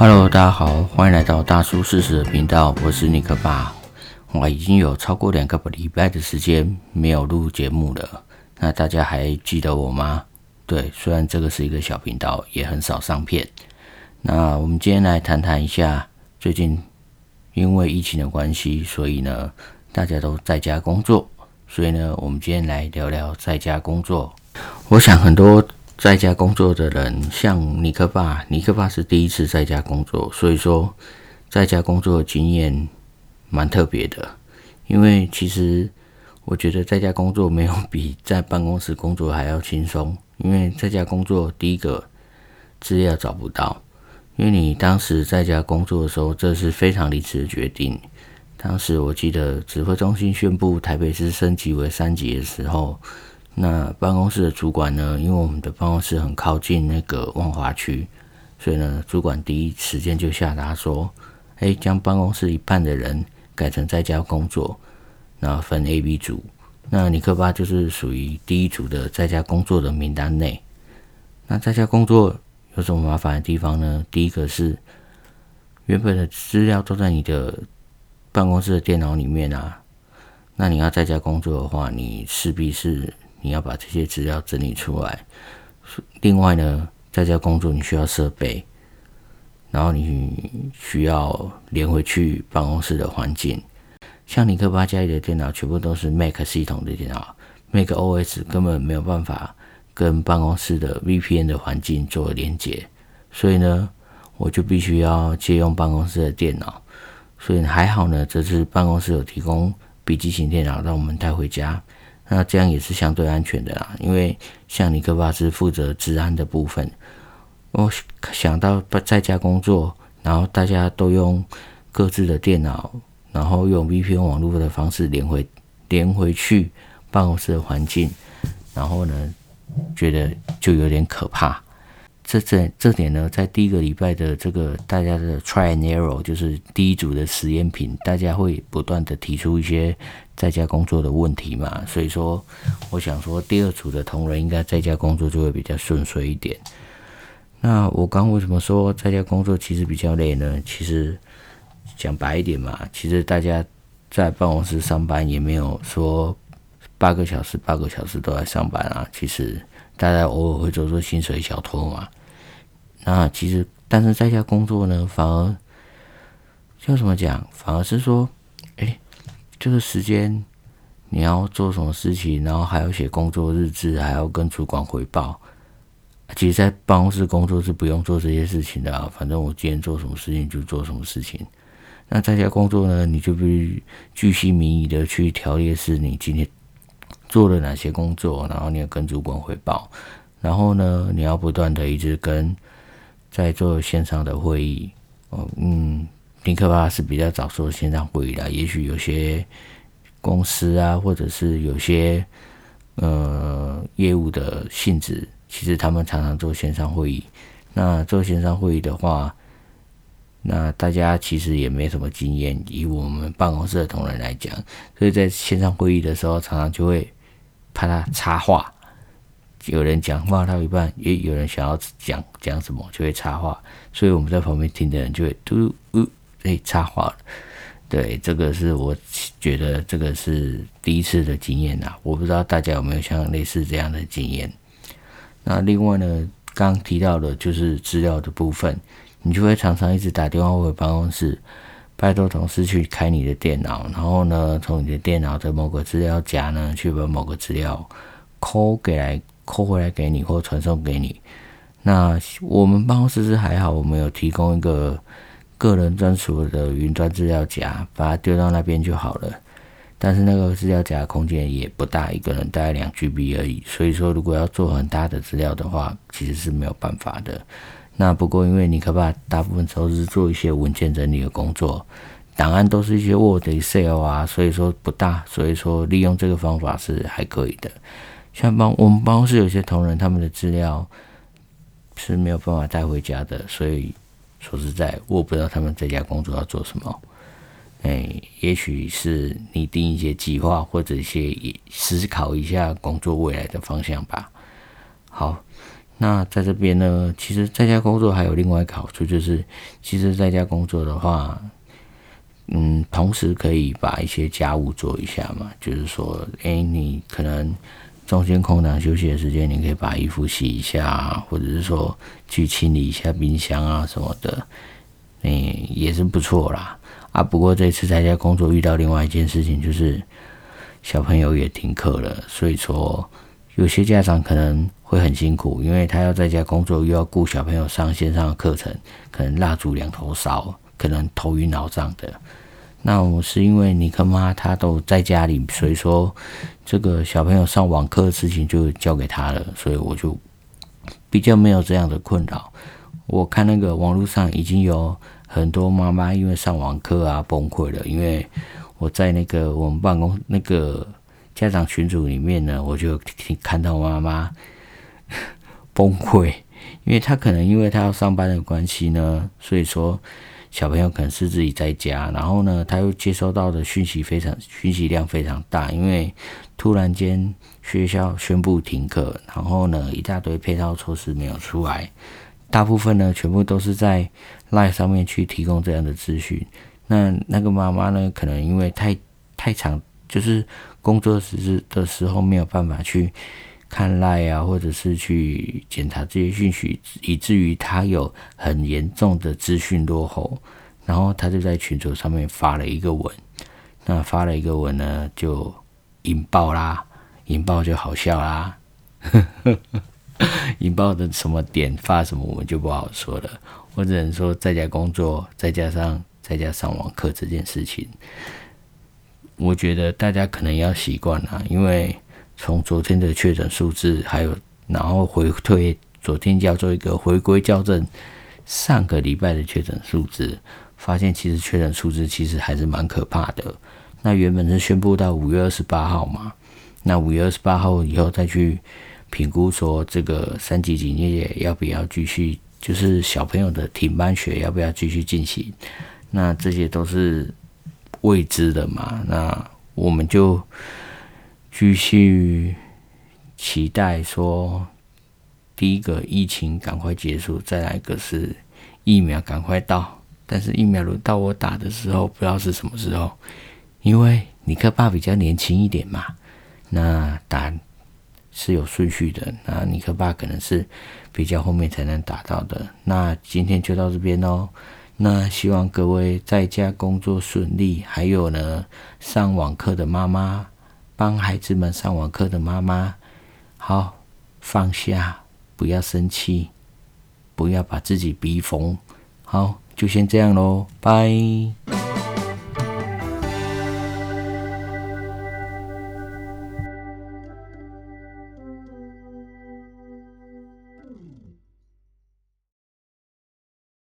Hello，大家好，歡迎來到大叔40的頻道，我是尼克爸。我已經有超過兩個禮拜的時間沒有錄節目了，那大家還記得我嗎？對，雖然這個是一個小頻道，也很少上片。那我們今天來談談一下，最近因為疫情的關係，所以呢大家都在家工作，所以呢我們今天來聊聊在家工作。我想很多。在家工作的人，像尼克爸，尼克爸是第一次在家工作，所以說在家工作的經驗蠻特別的。因為其實我覺得在家工作沒有比在辦公室工作還要輕鬆，因為在家工作第一個資料找不到，因為你當時在家工作的時候，這是非常理智的決定。當時我記得指揮中心宣布台北市升級為三級的時候。那辦公室的主管呢？因為我們的辦公室很靠近那個萬華區，所以呢，主管第一時間就下達說：“哎、欸，將辦公室一半的人改成在家工作。”然後分 A、B 組。那尼克爸就是屬於第一組的在家工作的名單內。那在家工作有什麼麻煩的地方呢？第一個是原本的資料都在你的辦公室的電腦裡面啊。那你要在家工作的話，你勢必是。你要把這些資料整理出來。另外呢，在家工作你需要設備，然後你需要連回去辦公室的環境。像尼克爸家裡的電腦全部都是 Mac 系統的電腦，Mac OS 根本沒有辦法跟辦公室的 VPN 的環境做連接，所以呢，我就必須要借用辦公室的電腦。所以還好呢，這次辦公室有提供筆記型電腦讓我們帶回家。那這樣也是相對安全的啦，因為像尼克爸是負責治安的部分。我想到不在家工作，然後大家都用各自的電腦，然後用 VPN 網絡的方式連回連回去辦公室的環境，然後呢，覺得就有點可怕。這這這點呢，在第一個禮拜的這個大家的 try and error，就是第一組的實驗品，大家會不斷的提出一些在家工作的問題嘛，所以說，我想說第二組的同仁應該在家工作就會比較順遂一點。那我剛剛為什麼說在家工作其實比較累呢？其實講白一點嘛，其實大家在辦公室上班也沒有說八個小時八個小時都在上班啊，其實大家偶爾會做做薪水小偷嘛。那、啊、其實，但是在家工作呢，反而就怎麼講？反而是說，哎、欸，這個時間你要做什麼事情，然後還要寫工作日誌，還要跟主管匯報。其實，在辦公室工作是不用做這些事情的、啊，反正我今天做什麼事情就做什麼事情。那在家工作呢，你就必須巨細靡遺的去條列是你今天做了哪些工作，然後你要跟主管匯報，然後呢，你要不斷的一直跟。在做線上的會議，哦，嗯，尼克爸是比較早做線上會議的。也許有些公司啊，或者是有些呃業務的性質，其實他們常常做線上會議。那做線上會議的話，那大家其實也沒什麼經驗。以我們辦公室的同仁來講，所以在線上會議的時候，常常就會怕他插話。有人講話到一半，也有人想要講講什麼，就會插話，所以我們在旁邊聽的人就會嘟嗚被、呃欸、插話。對，這個是我覺得這個是第一次的經驗啦，我不知道大家有沒有像類似這樣的經驗？那另外呢，剛提到的就是資料的部分，你就會常常一直打電話回辦公室，拜託同事去開你的電腦，然後呢，從你的電腦的某個資料夾呢，去把某個資料摳給來。扣回來給你或傳送給你，那我們辦公室是還好，我們有提供一個個人專屬的雲端資料夾，把它丟到那邊就好了。但是那個資料夾空間也不大，一個人大概兩 GB 而已。所以說，如果要做很大的資料的話，其實是沒有辦法的。那不過因為你可把大部分時候是做一些文件整理的工作。檔案都是一些 Word、Excel 啊，所以說不大，所以說利用這個方法是還可以的。像幫我們辦公室有些同仁，他們的資料是沒有辦法帶回家的，所以說實在我不知道他們在家工作要做什麼？哎、欸，也許是你定一些計劃，或者一些思考一下工作未來的方向吧。好，那在這邊呢，其實在家工作還有另外一個好處，就是其實在家工作的話。嗯，同時可以把一些家務做一下嘛，就是說，哎，你可能中間空檔休息的時間，你可以把衣服洗一下啊，或者是說去清理一下冰箱啊什麼的，嗯，也是不錯啦。啊，不過這次在家工作遇到另外一件事情，就是小朋友也停課了，所以說有些家長可能會很辛苦，因為他要在家工作，又要顧小朋友上線上的課程，可能蠟燭兩頭燒。可能頭暈腦脹的，那我是因為尼克媽她都在家裡，所以說這個小朋友上網課的事情就交給她了，所以我就比較沒有這樣的困擾。我看那個網絡上已經有很多媽媽因為上網課啊崩潰了，因為我在那個我們辦公那個家長群組裡面呢，我就看到媽媽崩潰，因為她可能因為她要上班的關係呢，所以說。小朋友可能是自己在家，然後呢，他又接收到的訊息非常訊息量非常大，因為突然間學校宣布停課，然後呢，一大堆配套措施沒有出來，大部分呢全部都是在 LINE 上面去提供這樣的資訊。那那個媽媽呢，可能因為太太長，就是工作時的時候沒有辦法去。看賴啊，或者是去檢查這些訊息，以至於他有很嚴重的資訊落後，然後他就在群組上面發了一個文，那發了一個文呢，就引爆啦，引爆就好笑啦， 引爆的什麼點發什麼文就不好說了，我只能說在家工作，再加上在家上網課這件事情，我覺得大家可能也要習慣啊，因為。從昨天的確診數字，還有然後回推昨天叫做一個回歸校正，上個禮拜的確診數字，發現其實確診數字其實還是蠻可怕的。那原本是宣布到五月二十八號嘛，那五月二十八號以後再去評估說這個三級警戒要不要繼續，就是小朋友的停班學要不要繼續進行，那這些都是未知的嘛，那我們就。繼續期待說，第一個疫情趕快結束，再來一個是疫苗趕快到。但是疫苗輪到我打的時候，不知道是什麼時候，因為尼克爸比較年輕一點嘛，那打是有順序的，那尼克爸可能是比較後面才能打到的。那今天就到這邊嘍，那希望各位在家工作順利，還有呢，上網課的媽媽。幫孩子們上網課的媽媽，好，放下，不要生氣，不要把自己逼瘋，好，就先這樣嘍，拜。